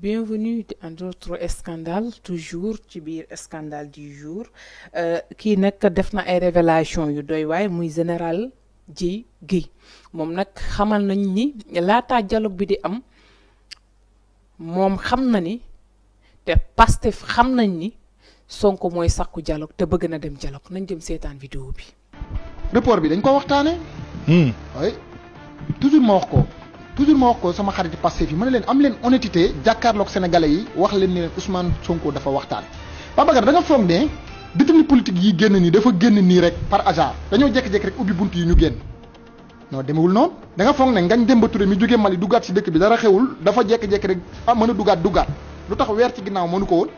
bienvenue à d'autres scandales toujours ci biir scandale du jour euh, kii nag def na ay révélation yu doy waay muy général ji gi moom nag xamal nañ ni laata dialogue bi di am moom xam na ni te Pastef xam nañ ni Sonko mooy sàkku dialogue te bëgg na dem dialogue nañ dem seetaan vidéo bi. report bi dañ ko waxtaanee. Hmm. oui toujours ma wax ko. toujours ma wax ko sama xarit passé fi mané len am len honnêteté jàkkaarloog sénégalais yi wax len ni Ousmane Sonko dafa waxtaan Babacar da nga fogg né détenu politique yi génn ni dafa génn ni rek par hasard dañu jékki-jékki rek ubi buntu yi ñu génn non demewul non da nga fogg né ngañ Demba Touré mi jógee Mali dugaat ci dëkk bi dara xewul dafa jékki-jékki rek am ah, mëna dugaat dugaat lu ci ginnaw mënu ko won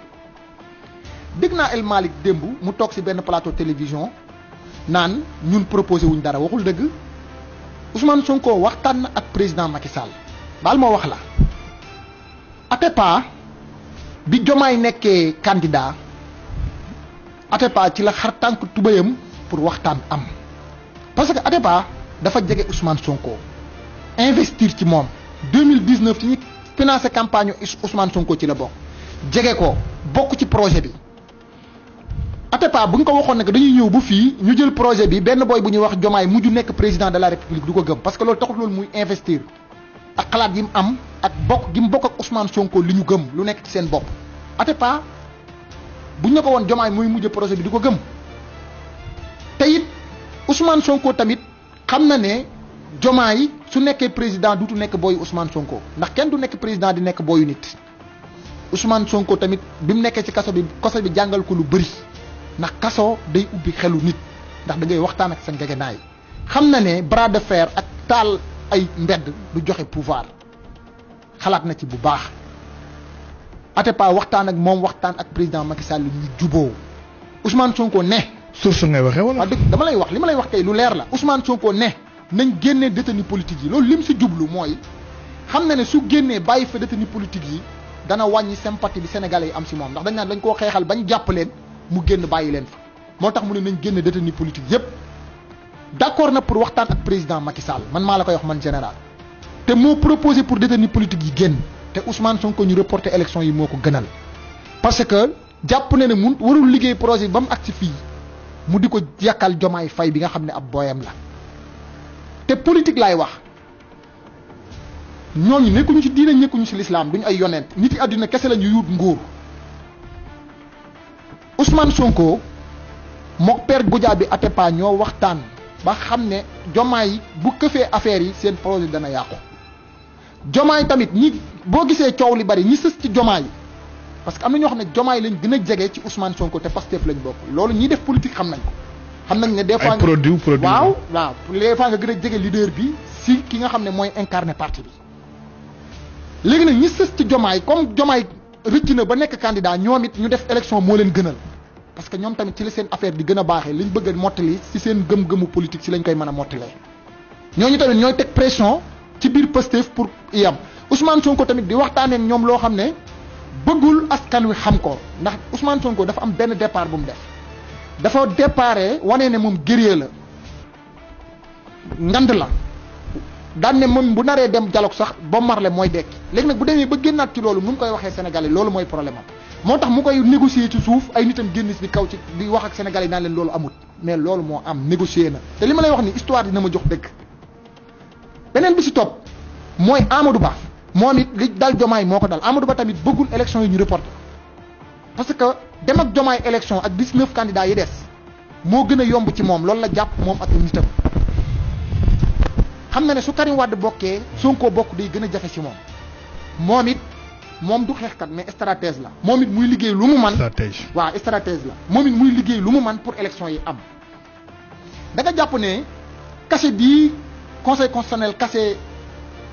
El Malik dembu mu tok ci ben plateau télévision nan ñun proposé wuñ dara waxul dëgg Ousmane Sonko waxtan na ak président Macky Sall bal mo wax la Atepa bi jomay nekké candidat Atepa ci la xar tank tubayam pour waxtan am parce que Atepa dafa jaga Ousmane Sonko investir ci mom 2019 ci financer campagne Ousmane Sonko ci la bok jege ko bok ci projet bi Atepa buñ ko waxone que dañuy ñew bu fi ñu jël projet bi ben boy buñu wax Jomay muju nek président de la République du ko gëm parce que lool taxul muy investir ak xalaat yim am ak bok gim bok ak Ousmane Sonko liñu gëm lu nek ci sen bop Atepa buñ ko won Jomay muy mujjé projet bi du ko gëm Usman Ousmane Sonko tamit xam na ne Jomay su nekké président dutu nek boy Ousmane Sonko ndax kenn du nek président di nek boyu nit Ousmane Sonko tamit bim nek ci kasso bi kasso bi jangal ko lu ndax kasso day ubbi xelu nit ndax da ngay waxtaan ak sen ngegenaay xam na ne bras de fer ak tal ay mbedd du joxe pouvoir xalaat na ci bu baax até atepa waxtaan ak mom waxtaan ak président Macky Sall ni djubo Ousmane Sonko ne sur source ngay waxe wala ah, dama lay wax lima lay wax tay lu leer la Ousmane Sonko ne nañ génné détenu politique yi lolou lim ci djublu moy xam na ne su génné baye fa détenu politique yi dana wañi sympathie bi sénégalais yi am ci mom ndax dañ naan lañ ko xéxal bañ japp len mu génn bàyyi leen fa moo tax mu ne nañ génn détenu politique yépp d'accord na pour waxtaan ak président Macky Sall man maa la koy wax man général te moo proposé pour détenu politique yi génn te Ousmane Sonko ñu reporter élection yi moo ko gënal parce que jàpp ne ne mun warul liggéey projet ba mu agsi fii mu di ko yàkkal jomaay fay bi nga xam ab booyam la te politique lay wax ñooñu nekkuñu ci diine nekkuñu ci l'islam duñ ay yonent nit yi àddina kese la ñu yuut nguur Ousmane Sonko mook père Goudia bi Atepa ñoo waxtaan ba xam ne jomaay bu këfee affaire yi seen projet dana yàqu jomaay tamit ñi boo gisee coow li bari ñi sës ci jomaay parce que am na ñoo xam ne jomaay lañ gën a jege ci Ousmane Sonko te Pastef lañ bokk loolu ñiy def politique xam nañ ko. xam nañ ne des fois ay produit produit waaw waaw des fois nga gën a jege leader bi si ki nga xam ne mooy incarné parti bi. léegi nag ñi sës ci jomaay comme jomaay rëcc na ba nekk candidat ñoom it ñu def élection moo leen gënal. parce que ñoom tamit ci la seen affaire di gën a baaxee liñ bëgg a mottali si seen gëm-gëmu politique si lañ koy mën a mottalee ñooñu tamit ñooy teg pression ci biir Pastef pour yam Ousmane Sonko tamit di waxtaanee ñoom loo xam ne bëggul askan wi xam ko ndax Ousmane Sonko dafa am benn départ bu mu def dafa déparé wane ne moom guerrier la ngand la daan ne moom bu naree dem dialogue sax ba marle mooy dekki léegi nag bu demee ba génnaat ci loolu nu mu koy waxee Sénégalais loolu mooy problème am moo tax mu koy négocier ci suuf ay nitam génn bi kaw ci di wax ak sénégalais yi naan leen loolu amut mais loolu moo am négocier na te li ma lay wax ni histoire na ma jox dëgg beneen bi si topp mooy Amadou Ba moom it li dal jomaay moo ko dal Amadou Ba tamit bëggul élection yi ñu reporté parce que dem ak jomaay élection ak 19 candidats yi des moo gën a yomb ci moom loolu la jàpp moom ak nitam xam na ne su Karim Wade bokkee Sonko bokk day gën a jafe si moom moom mom du xeexkat mais stratège la momit muy liguey lu mu man stratège waaw stratège la momit muy liguey lu mu man pour élection yi am da nga jàpp ne cassé bi conseil constitutionnel cassé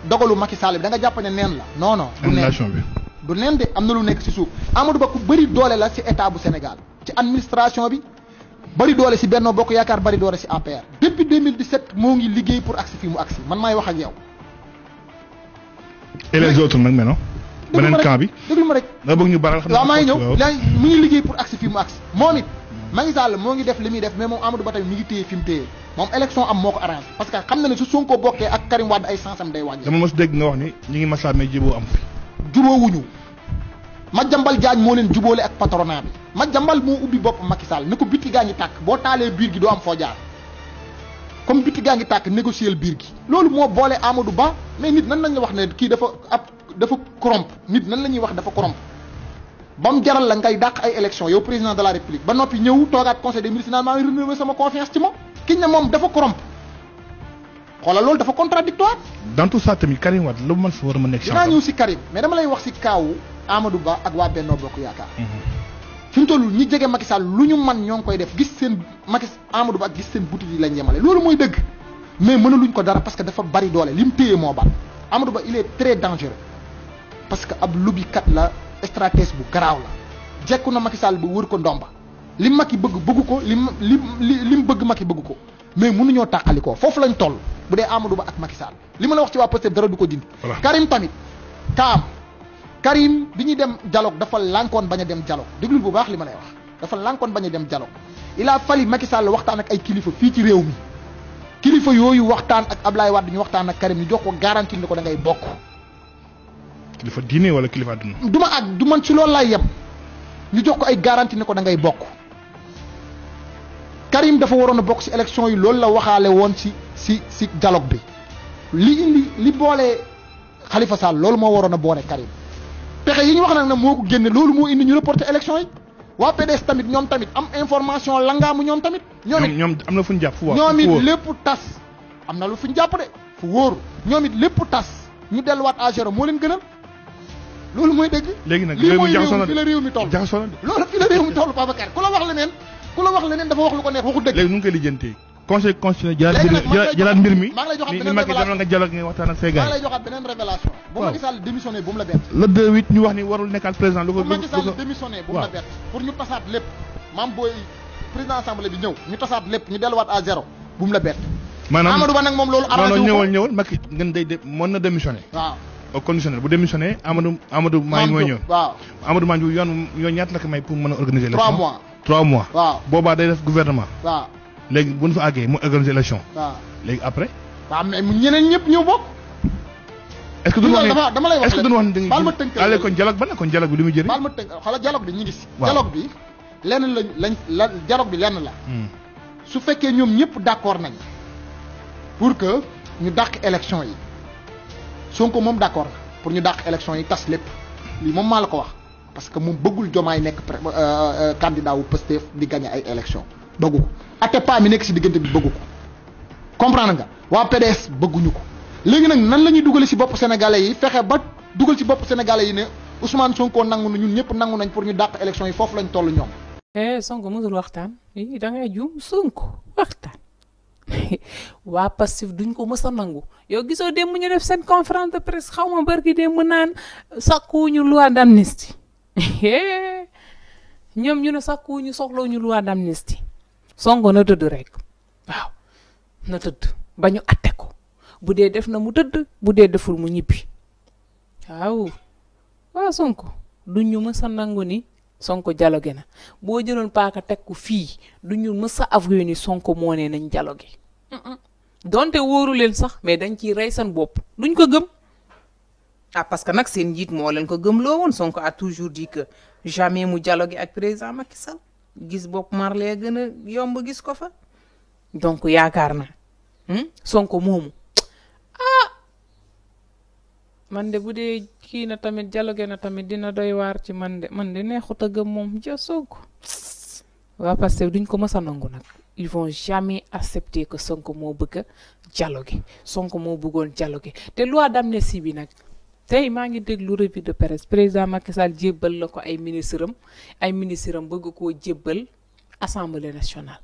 dogalu Macky Sall bi da nga jàpp ne nen la non non du bi du nen de amna lu nek ci suuf Amadou Ba ku bëri doole la ci état bu Sénégal ci administration bi bari doole ci Benno Bokk Yaakaar bari doole ci APR depuis 2017 moo ngi liggéey pour agsi fi mu agsi man may wax ak yow. et les autres nag maintenant. benen camp bi déglu ma rek nga bëgg ñu baral xam la may ñew la mi ngi liggéey pour axe fi mu axe momit it hmm. Macky Sall mo ngi def limi def mais mom Amadou Batay mi ngi téye fi mu téye moom élection am moko arrange parce que xam na ni su Sonko bokké ak Karim Wade ay sansam day wàññi dama mos dégg nga wax ni ñi ngi massa mais jibo am fi wuñu ma jambal jaaj mo leen juboole ak patronat bi ma jambal mo ubbi bop Macky Sall ne ko bitti gaa ngi tàkk boo taalee gi do am fo jaar comme biti gañu tak négocier bir gi lolu mo bolé Amadou Ba mais nit nan nañ la wax né ki dafa ab dafa corrompre nit nan lañuy wax dafa corrompre bam jaral la ngay dàq ay élection yow président de la république ba nopi ñew togaat conseil des ministres naan renouveler sama confiance ci moom kiñ ne mom dafa corrompre xoolal loolu dafa contradictoire dans tout ça tamit Karim wat lu man fa wara ma nekk dinaa ñu ci Karim mais dama lay wax ci kaw Amadou Ba ak wa Benno Bokk yaaka mhm. fi mu ñi jégué Macky Sall lu ñu man ñong koy def gis seen Macky Amadou Ba gis seen bouti yi lañ yemale loolu moy dëgg mais mënaluñ ko dara parce que dafa bari doole lim téyé mo ba Amadou Ba il est très dangereux parce que ab kat la stratège bu graw la jekku na Macky Sall bu wër ko ndomba lim Macky bëgg bëgg ko lim lim lim bëgg Macky bëgg ko mais mënu ñoo takaliko fofu lañ toll bu dé Amadou Ba ak Macky Sall li la wax ci wa poste dara du ko dindi Karim tamit kam. Karim biñu dem dialogue dafa lànkoon baña dem dialogue deglu bu baax li Dafal lay wax dafa baña dem dialogue il a fallu Macky Sall waxtaan ak ay kilifa fi ci réew mi kilifa yoyu waxtaan ak Ablaye Wade ñu waxtaan ak Karim ñu jox ko garantie ni ko da ngay bokk kilifa diine wala kilifa aduna duma ak du man ci loolu lay yem ñu jox ko ay garantie ne ko da ngay bok karim dafa warona a ci election yi loolu la waxale won si si ci dialogue bi li indi li bolé khalifa sall loolu mo warona a karim pexé yi ñu wax nak na moko génné lolou mo indi ñu reporter election yi wa PDS tamit ñom tamit am information langaamu ñoom tamit ñom it ñoom am na fu ñu jàpp fu ñoom it am lu fuñu japp jàpp de fu wor ñoom lepp tass ñu delu wat a zéro mo leen gënal loolu mooy dégg léegi nag réew mi jaxasoo na fi la réew mi toll jaxasoo loolu fi la réew mi toll Babacar ku la wax leneen ku la wax leneen dafa wax lu ko neex waxu dëgg. léegi nu ngi koy lijjantee conseil constitutionnel jëlaat mbir mi maa ngi lay joxaat beneen révélation nga jël nga waxtaan ak say bu Macky Sall démissionné bu mu la bett le deux ñu wax ni warul nekkaat président lu ko bu Macky bu mu la bett pour ñu tasaat lépp maam booy président assemblée bi moom loolu arrangé wu ko ñëwal ñëwal Macky ngeen au conditionnel bu démissionné Amadou Amadou Maye mooy ñëw waaw Amadou Maye yoon yoon ñaata la ko may pour mën organiser l'élection 3 mois 3 mois waaw boobaa day def gouvernement waaw légui buñ fa aggé mu organiser l'élection waaw légui après waaw mais ñeneen ñëpp ñëw bok est-ce que duñu wax est-ce que duñu wax ne baal ma tënk allez kon dialogue ba la kon dialogue bi li jëri bal ma tënk xala dialogue bi ñu gis si dialogue bi lenn lañ lañ la dialogue bi lenn la hmm. su fekkee ñoom ñëpp d'accord nañ pour que ñu dàq élection yi sonko mom d'accord pour ñu dakk élection yi tas lepp li mom maa ko wax parce que mom bëggul jomaay nekk euh, euh, candidat wu pestef di gagner ay élection bëggu ko atepa mi nek ci digënté bi bëggu ko comprendre nga wa PDS bëggu ko légui nak nan lañuy duggal ci bop sénégalais yi fexé ba duggal ci bop sénégalais yi ne Ousmane Sonko nangu na ñun ñëpp nangu nañ pour ñu dakk élection yi fofu lañ tollu ñom eh Sonko mësul waxtaan da ngay juum Sonko waxtaan. wa passif duñ ko mësa nangu yo gisoo dem ñu def sen conférence de presse xawma barki dem naan sakku ñu loi d' amnistie ñoom ñu ne sakkuwuñu loi d' songo na tëdd rek waaw na tëdd bañu atté ko budé def na mu tëdd budé deful mu ñibi waaw wa sonko duñ ñu mësa nangu ni sonko dialogue na bo jëloon paaka teg ko fi duñu mësa avoué ni sonko moone nañ dialogue donte wóoru leen sax mais dañ ciy rey seen bopp duñ ko gëm ah parce que nag seen njiit moo leen ko gëmloo woon Sonko a toujours dit que jamais mu dialogue ak président Macky Sall gis bopp Marley gën a yomb gis ko fa donc yaakaar naa hmm? Sonko moomu ah man de bu dee kii na tamit dialogue na tamit dina doy waar ci man de man de neexut a gëm moom ja Sonko waa Pastef duñ ko mës a nangu nag ils vont jamais accepter que Sonko Mo bëgg dialoguer Sonko Mo bëggoon dialoguer te loi d'amnésie, bi nag tey ngi déglu revue de presse président Macky Sall jébbal lako ay ministre ay ministre am bëgg koo jébbal assemblée nationale.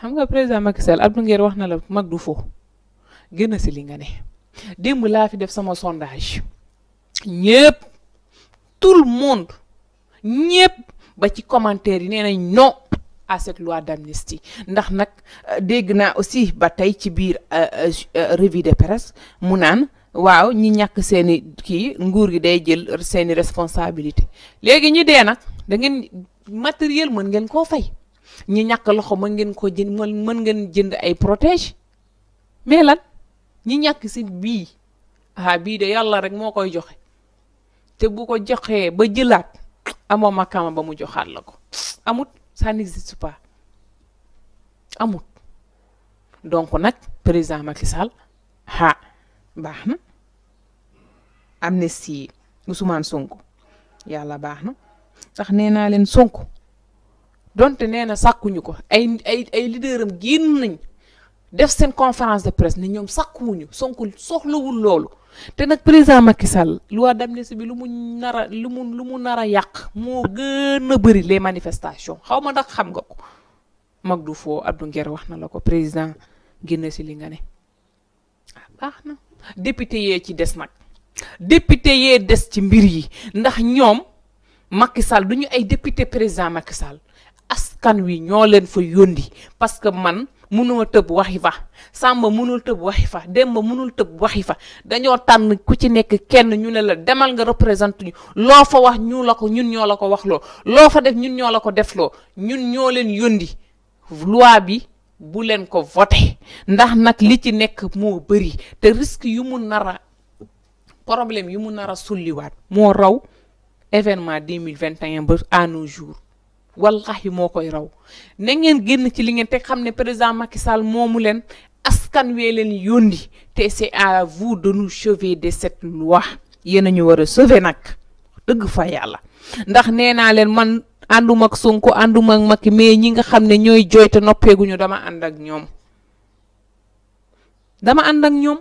xam nga président Macky Sall Abdou Nguer wax na la mag du fo gëna ci li nga né démb la fi def sama sondage ñepp tout le monde ñepp ba ci commentaire yi nee nañ non. à cette loi d'amnistie ndax nak euh, dégg na aussi ba tay ci bir euh, euh, revue de presse mu nan waw ñi ñak seen ki nguur gi day jël seen responsabilité légui ñi dé nak da ngeen matériel mën ngeen ko fay ñi ñak loxo mën ngeen ko jënd mën ngeen jënd ay protège mais lan ñi ñak si bi ha ah, bi de yalla rek mo koy joxe te bu ko joxee ba jëlat amo makama ba mu lako amut ça n'existe pas amul donc nag président Macky Sall ha baax na am amnistie Ousmane Sonko yàlla baax na ndax nee naa leen Sonko donte nee na sàkkuñu ko ay ay ay leader am génn nañ def seen conférence de presse ne ñoom sàkkuwuñu Sonko soxlawul loolu te nag président Macky Sall loi si bi lu mu nar a lu mu lu mu nar a yàq moo gën a bëri les manifestations xaw ma ndax xam nga ko mag du foo Abdou Nguer wax na la ko président génn si li nga ne ah, baax na député yee ci des mag député yee des ci mbir yi ndax ñoom Macky Sall du ñu ay député président Macky askan wi ñoo leen fa yóndi parce que man munoo tëb waxi fa Samba munul tëb waxi fa Demba munul tëb waxi fa dañoo tànn ku ci nekk kenn ñu ne la demal nga représenté ñu loo fa wax ñu la ko ñun ñoo la ko wax loo loo fa def ñun ñoo la ko defloo ñun ñoo leen yóndi loi bi bu leen ko voté ndax nag li ci nekk moo bëri te risque yu mu nar problème yu mu nar a sulliwaat moo raw événement 2021 ba à nos jours wallahi moo koy raw na ngeen génn ci li ngeen te xam ne président Macky Sall moomu leen askan wee leen yóndi te c'est à vous de nous sauver de cette loi yéen a ñu war a sauver nag dëgg fa yàlla ndax nee naa leen man ànduma ak Sonko ànduma ak ñi nga xam ne ñooy jooy noppeeguñu dama ànd ak ñoom dama ànd ak ñoom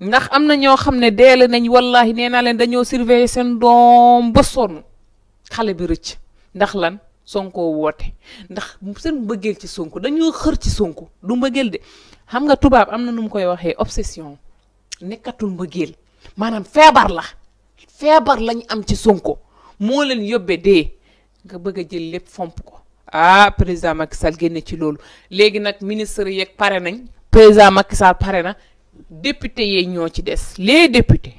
ndax am na ñoo xam ne deele nañ wallahi nee naa leen dañoo surveiller seen doom ba sonn xale bi rëcc ndax lan sonko woote ndax seen mbëggeel ci sonko dañoo xër ci sonko du mbëggeel de xam nga tubaab am na nu mu koy waxee obsession nekkatul mbëggeel maanaam feebar la feebar lañ am ci sonko moo leen yóbbee dee nga bëgg a jël lépp fomp ko ah président Macky Sall génne ci loolu léegi nag ministre yeeg pare nañ président Macky Sall pare na député yee ñoo ci des les députés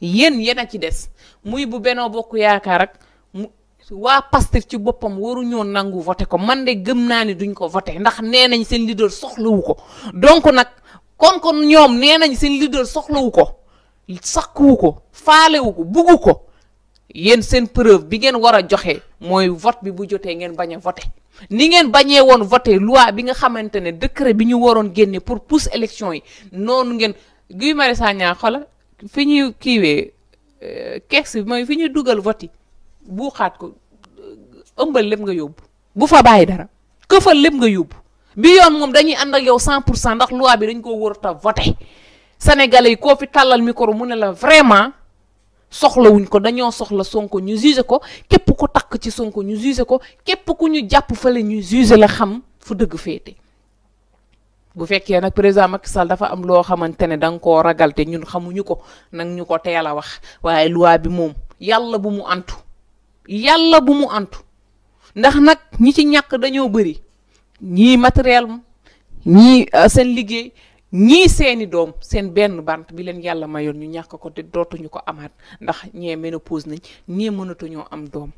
yéen yéen a ci des muy bu Benno Bokk Yaakaar ak mu waa Pastef ci boppam waruñoo nangu voté ko man de gëm naa ni duñ ko vote ndax nee nañ seen leader soxlawu ko donc nag kon kon ñoom nee nañ seen leader soxlawu ko sakkuwu ko faalewu ko buggu ko yéen seen preuve bi ngeen war a joxe mooy vote bi bu jotee ngeen bañ a voté ni ngeen bañee woon voté loi bi nga xamante ne décret bi ñu waroon génnee pour pousse élection yi noonu ngeen Guy Marius Sagna xola fi ñuy kiiwee euh, kees bi mooy fi ñuy dugal vote yi buuxaat ko ëmbal lépp nga yóbbu bu fa bàyyi dara këfal lépp nga yóbbu bi yoon moom dañuy ànd ak yow cent pour cent ndax loi bi dañ koo wër ta voté sénégalais yi koo fi tàllal micro mu ne la vraiment soxlawuñ ko dañoo soxla sonko ñu juge ko képp ku takk ci sonko ñu juge ko képp ku ñu jàpp fële ñu juge la xam fu dëgg féete bu fekkee nag président Macky Sall dafa am loo xamante ne da koo ragal te ñun xamuñu ko nag ñu ko teel a wax waaye loi bi moom yàlla yàlla bu mu antu ndax nag ñi ci ñàkk dañoo bëri ñii matériel ñii euh, seen liggéey ñii seeni doom seen benn bant bi leen yàlla mayoon ñu ñàkk ko te dootuñu ko amaat ndax ñee ménopause nañ ñee mënatuñoo am doom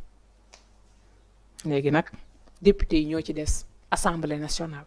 léegi nag député yi ñoo ci des assemblée nationale.